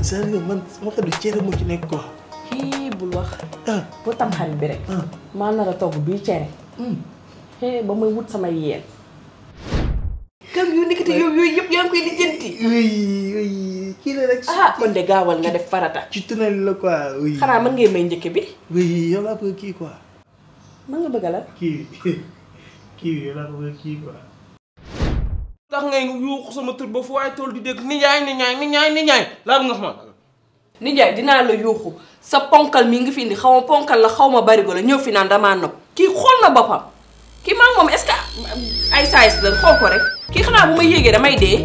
sérieux man sama xel du cere moo ci nekk ko hii bul wax. Ah. bu tam bi rek. Ah. maa nar a togg bii cere. hee hmm. ba muy wut sama yéen. kër yu nekkati yow yooyu yëpp yaa ngi koy lijjanti. kii la rek. ah def farata. ci tunnel la mën ngay may njëkk bi. oui yow laa bëgg kii quoi. mën nga bëgg la. tax ngay yuuxu sama tur ba fu waaye tool di dégg nijaay nijaay nijaay nijaay laal nga xam nijaay dinaa la yuuxu sa ponkal mi ngi fi indi xaw ma ponkal la xaw ma barigo la ñëw fi naan damaa nopp kii xool na boppam kii maa moom est-ce que ay saayis la ko rek kii xanaa bu ma yéegee damay dee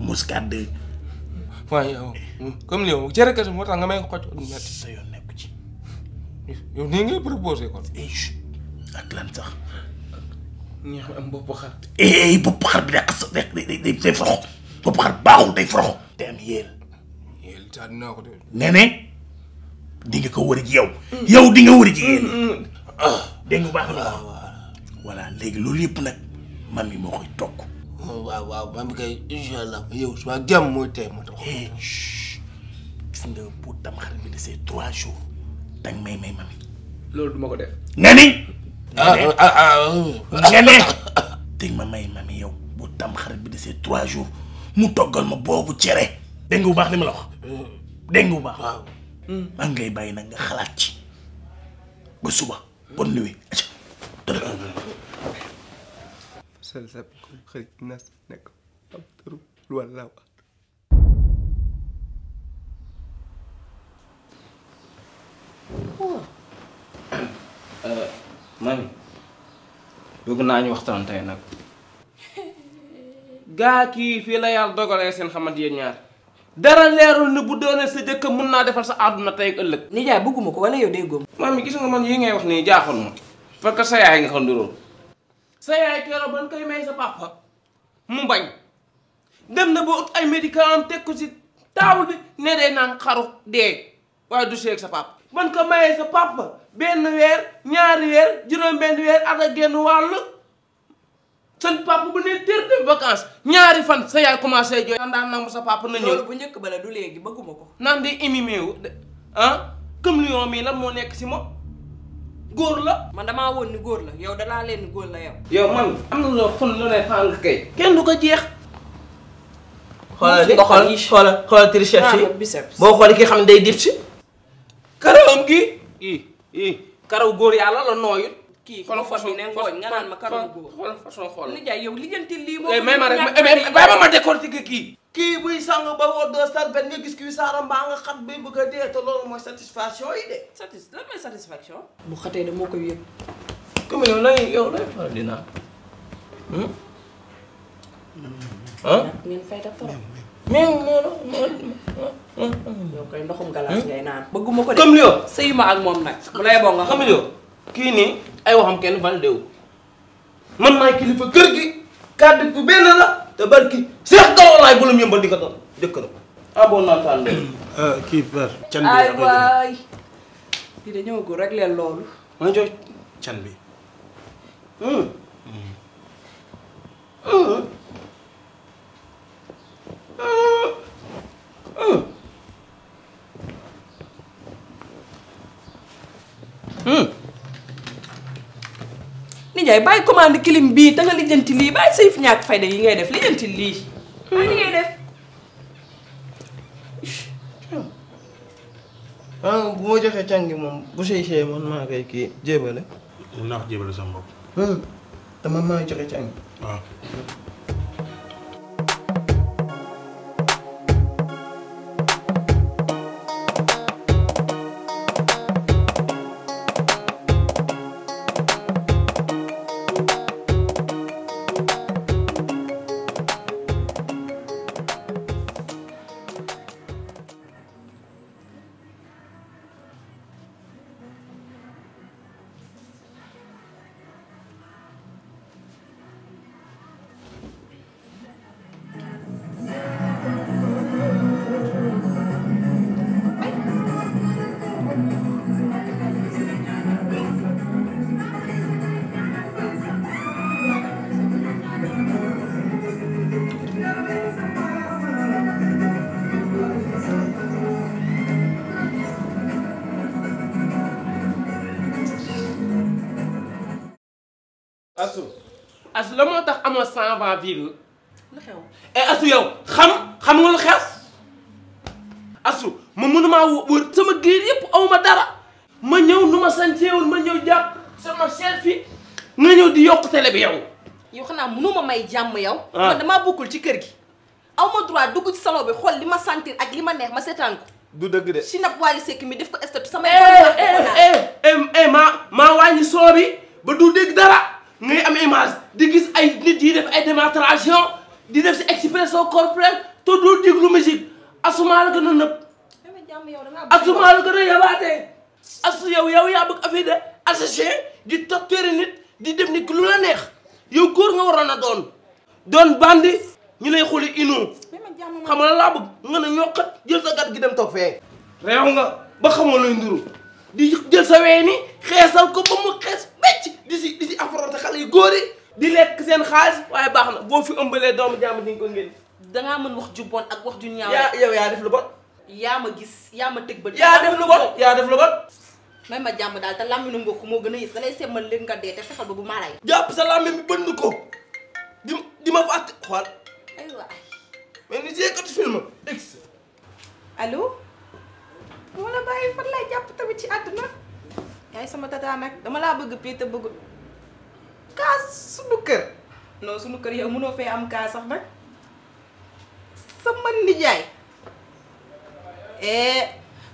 muscade. waaw yow comme li yow jërëjëf moo tax nga may xoj du metti sa yoon nekk ci. yow nii ngay proposé kon. Eh, ak lan sax. ñi xam am bopp xar. Eh, bopp xar baaxul day forox. te am yéel. yéel saa dinaa ko def. nee ne ko wëri ji yow. yow di nga wëri ji yéel. Mm, mm, mm. ah, dégg nga baax na. voilà léegi loolu yëpp nag mami moo koy togg. waaw waaw man kay incha allah yow su ma jàmm mooy tey ma taxaw. gis nga pour tam xarit bi desee trois jours dang duma ko def. nga ni. Ah, nga ah, ah, ma may mami yow bu tam xarit bi desee trois jours mu toggal ma boobu cere. dégg nga bu baax li ma la wax. dégg nga bu baax. waaw. Hmm. maa bàyyi nag nga xalaat ci ba suba bonne nuit. salsabikum xarit nas nekk am tëru walla wax mami bëgg naa ñu waxtaan tey nag gaa kii fii la yàlla dogalee seen xamante yéen ñaar dara leerul ni bu doonee sa jëkk mun naa defal sa àdduna tey ëllëg nijaay bëgguma ko wala yow day góom mami gis nga man yi ngay wax nii jaaxoon ma parce sa yaay nga xam ne sa yaay keroog ban koy may sa papa mu bañ dem na ba ut ay médicament teg ko ci taabul bi ne day naan xaru dee waaye du seeg sa papa. ban ko mayee sa papa benn weer ñaari weer juróom benn weer at ak genn wàll seen papa bu ne tër dem vacance ñaari fan sa yaay commencé jooy. naan daan nangu sa papa na ñëw loolu bu njëkk ba la du léegi bëgguma ko. naan di imimé wu ah comme lion mi lan moo nekk si moom. góor la. man damaa woon ni góor la yow dalaa leen ni góor la yow. yow man am na loo xun lu ne fànn kay. kenn du ko jeex. xoolal li xool ah, boo xoolee ki xam ne day dib si. karawam gi. karaw góor yàlla la nooyul. kii xool façon ngooñ nga naan ma karamu góor xool façon xool nijaay yow lijjanti lii moo eh, may ma rek eh, bàyyi ma ma décortiquer kii kii buy sang ba woo doo sarbet nga gis kii saara mbaa nga xat bay bëgg a dee te mooy satisfaction yi de satis bu xatee de moo koy yëg comme yow lay yow lay faral di naan ah bëgguma ko de comme ak moom nag bu lay boo nga xam kii nii ay waxam kenn validé wu man maay kilifa kër gi kàddu bu benn la te barki ak Gallo laay bulum yëmbal di ko doon jëkkëram ah bon naan tànn ah, kii par can bi ay waay di da ñëwagul rek leen loolu ma jox can bi hmm. Hmm. Hmm. Ndiaye bàyyi commande kilim bii da nga lijjanti lii bàyyi sayf ñàkk fayda yi ngay def lijjanti lii. bàyyi li ngay def. ah bu ma joxee cangi moom bu sey see man maa koy kii jébale. mun naa ko jébale sama bopp. Hmm, dama maa joxe cangi. waaw. asu asu la moo tax amoo cent vingt virgule lu xew eh, asu yow xam xam nga lu xew asu ma mënumaa wër sama géer yëpp awma dara ma ñëw nu ma santeewul ma ñëw jàpp sama chef fi nga ñëw di yokk tele bi yow yow xanaa mënuma may jàmm yow ah. man damaa bokkul ci kër gi aw ma droit dugg ci salon bi xool li ma sentir ak li ma neex ma seetaan ko du dëgg de Sina Waly Seck mi def ko estatu sama. eh eh eh, eh eh eh maa maa wàññi soo ba du dégg dara. ngay am image di gis ay nit yi def ay démonstration di def si expression corporelle te doo déglu musique asuma la gën a nëb. asuma la gën a yabaatee. asu yow yow yaa bëgg affaire de associé di toppeere nit di def nit lu la neex yow góor nga waroon a doon. doon bandi ñu lay xooli inu xam nga laa bëgg nga ne ñoo kat jël sa gat gi dem toog fee. réew nga ba xamoo lay nduru. di jël sa ween yi xeesal ko ba mu xees becc di si di si affronté xale yu góor yi di lekk seen xaalis waaye baax na boo fi ëmbalee doomu jàmm di nga ko ngeen dangaa mën wax ju bon ak wax ju ñaaw yaa yow yaa def lu bon yaa ma gis yaa ma tëg ba yaa def lu bon yaa def lu bon may ma jàmm daal te làmmiñu mbokk moo gën a yës da lay semmal léegi nga dee te fexal ba bu maa lay jàpp sa làmmiñ bi bënd ko di di ma fàtte xool ay waay mais ni jeekati film ex bu ma bàyyi fan lay jàpp tamit ci àdduna yaay sama tataanak dama laa bëgg pii te bëggul kaas sunu kër non sunu kër yow mënoo fee am kaas sax nag sama nijaay eh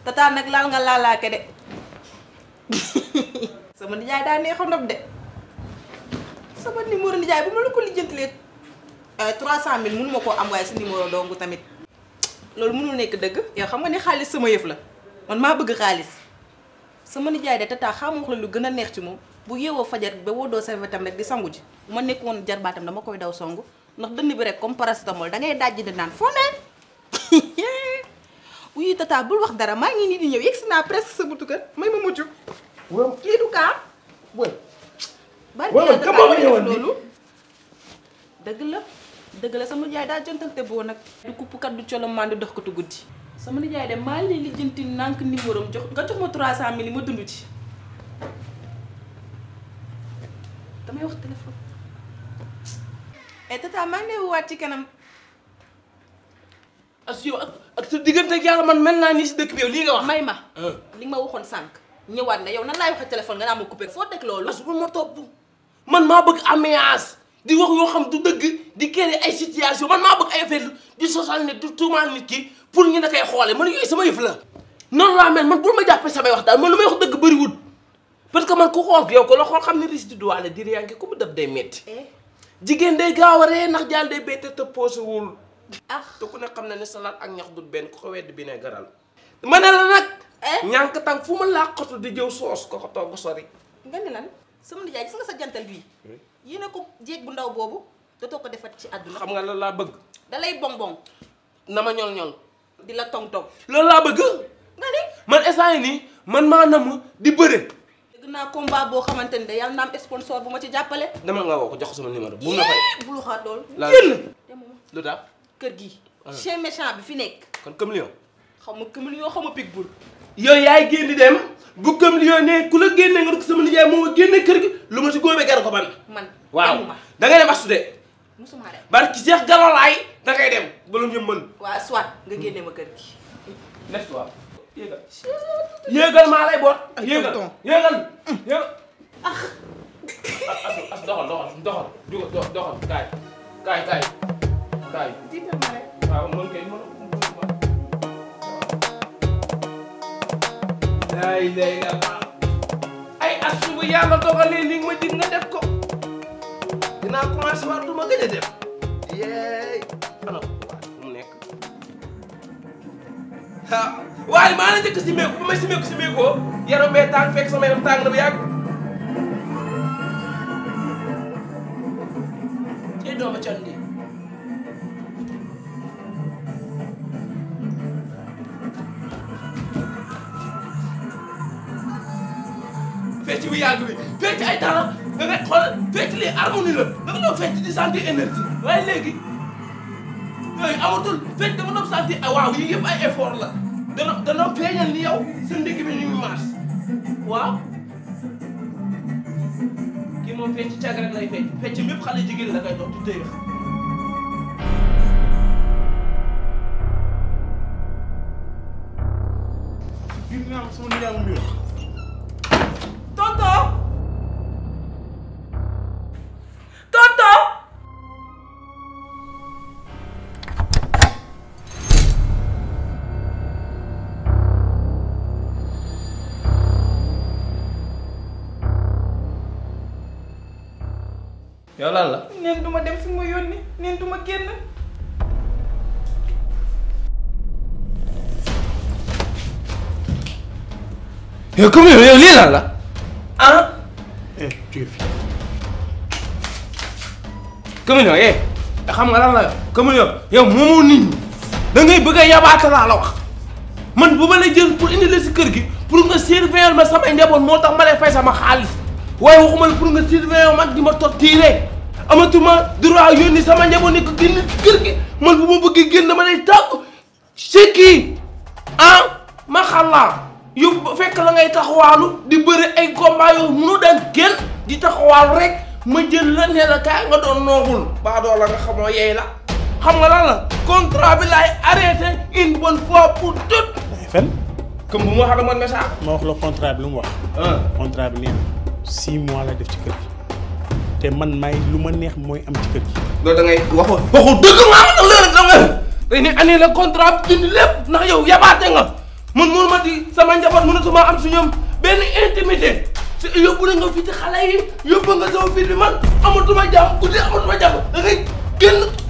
tata nag laal nga laalaake de sama nijaay daa neex a nopp de sama numéro nijaay bu ma la ko lijjantilee 300000 eh, mënuma koo am waaye sa numéro dong tamit loolu mënul nekk dëgg yow xam nga ni xaalis sama yëf la. man maa bëgg xaalis sama nijaay de tata xamu wax la lu gën a neex ci moom bu yeewoo fajar ba woddoo sa tamit di sangu ji ma nekkoon jarbaatam dama koy daw songu ndax dënn bi rek comme paracétamol da naan foo wax dara maa ngi nii di ñëw yegg naa presque sa buntu kër may ma mucc. waaw du kaa. waaw waaw kam dëgg la dëgg la sama nijaay daa jontal te boo nag. du kupp du colo dox ko tu guddi. sama nijaay dem maa ngi lijjanti nànk numéro am jox nga jox ma 300 mille ma dund ci damay wax téléphone. et eh, tata maa ngi lay ci kanam. as ak ak diggante ak yàlla man mel naa nii si dëkk bi yow lii nga wax. may ma euh. li ma waxoon sànq. ñëwaat na yow nan laay waxee téléphone nga naa ma coupé. foo teg loolu. as bu ma topp man maa bëgg ambiance. di wax yoo xam du dëgg di créer ay situation man maa bëgg ay affaire di sosal nit di tuumaal nit ki pour ñu ne koy xoolee man yooyu sama yëf la. noonu laa mel man bul ma jàppee samay wax daal man lu may wax dëgg bëriwul parce que man ku xool yow ko la xool xam ne risque du doole di yaa ngi ku mu def day metti eh? jigéen day gaaw a ree ndax jaal day béyte te poosewul. ah te ku ne xam na ne salaat ak ñax du benn ku ko wedd bi ne garal. ma ne la nag. Eh? ñànk tàng fu ma làqatu di jëw soos ko ko togg sori. nga ne lan sama nijaay gis sa jantal bii. yéene ko jéeg bu ndaw boobu dootoo ko defat ci àdduna. xam nga lan laa bëgg. da lay bonbon. na ma ñol-ñol. di la tong-tong. loolu laa bëgg. nga ni man instant yii nii man maa nam di bëre. dégg naa combat boo xamante ni de yàlla na am sponsor bu ma ci jàppale. dama nga woo ko jox ko sama numéro. bu ma fay bu lu xaar loolu. laa génn lu tax kër gi. Ah. chien méchant bi fi nekk. kon comme lion. xaw ma comme lion xaw yooyu yaay génn dem bu gëm li yoo ne ku la génne nga dugg sama nijaay moom a génne kër gi lu ma si góobee gar ko ban. man waaw da ngay dem astu de. musuma dem barki Seex Galolaay da ngay dem ba lu ñu mën. waaw soit nga génne ma kër gi. nekk waaw yéegal. yéegal maa lay boot. yéegal yéegal mm. yéegal. ah. as as doxal doxal doxal doxal kaay kaay kaay kaay. waaw mën kay mën. ay day la ay as bu yàlla dogalee li nga ma dig nga def ko dinaa commencé waat du ma gën a def yeey ana ko mu nekk waaye maa la njëkk si meeku ma si meeku si meekoo yaram bee tàng fekk sama yaram tàng na bu fecc bu yàgg bi fecc ay temps nga ne xoolal fecc lii harmonie la dama doon fecc di sentir énergie waaye léegi yooyu amatul fecc dama doon sentir ah waaw yii yëpp ay effort la dana dana feeñal ni yow sa ndigg bi ñu marche waaw kii moom fecc càgg lay fecc fecc mépp xale jigéen la koy dox di yow lan la. neen duma dem fi mu yónni neen duma génn. yow comme yow yow lii lan la ah. eh tu fi. communion eh xam nga lan la yow communion yow moomoo nit ñi da ngay bëgg a yabaata laa la wax man bu ma lay jël pour la si kër gi pour nga servir ma samay njaboot moo tax ma lay fay sama xaalis. waaye waxuma la pour nga surveiller man di ma torturer amatuma droit yónni sama njaboot ni ko génn kër gi man bu ma bëggee génn dama lay tàgg si kii ah ma xalaat fekk la ngay taxawaalu di bëri ay combat yow mënoo daan génn di taxawaalu rek ma jël la ne la kaay nga doon noogul baadoo la nga xamoo yey la xam nga lan la contrat bi laay arrêté une bonne fois pour toutes. fen comme bu ma wax ak man ma wax la contrat bi lu mu wax. Ah. contrat bi nee na six mois la def ci kër gi te man may lu ma neex mooy am ci kër gi. loolu da ngay waxoon waxu dëgg maa ma la da nga. day ne année la contrat dindi lépp ndax yow yabaate nga man mënu ma di sama njaboot mënatuma am su ñoom benn intimité te yóbbu na nga fi ci xale yi yóbbu nga sama fii di man amatuma jàmm guddi amatuma jàmm da génn.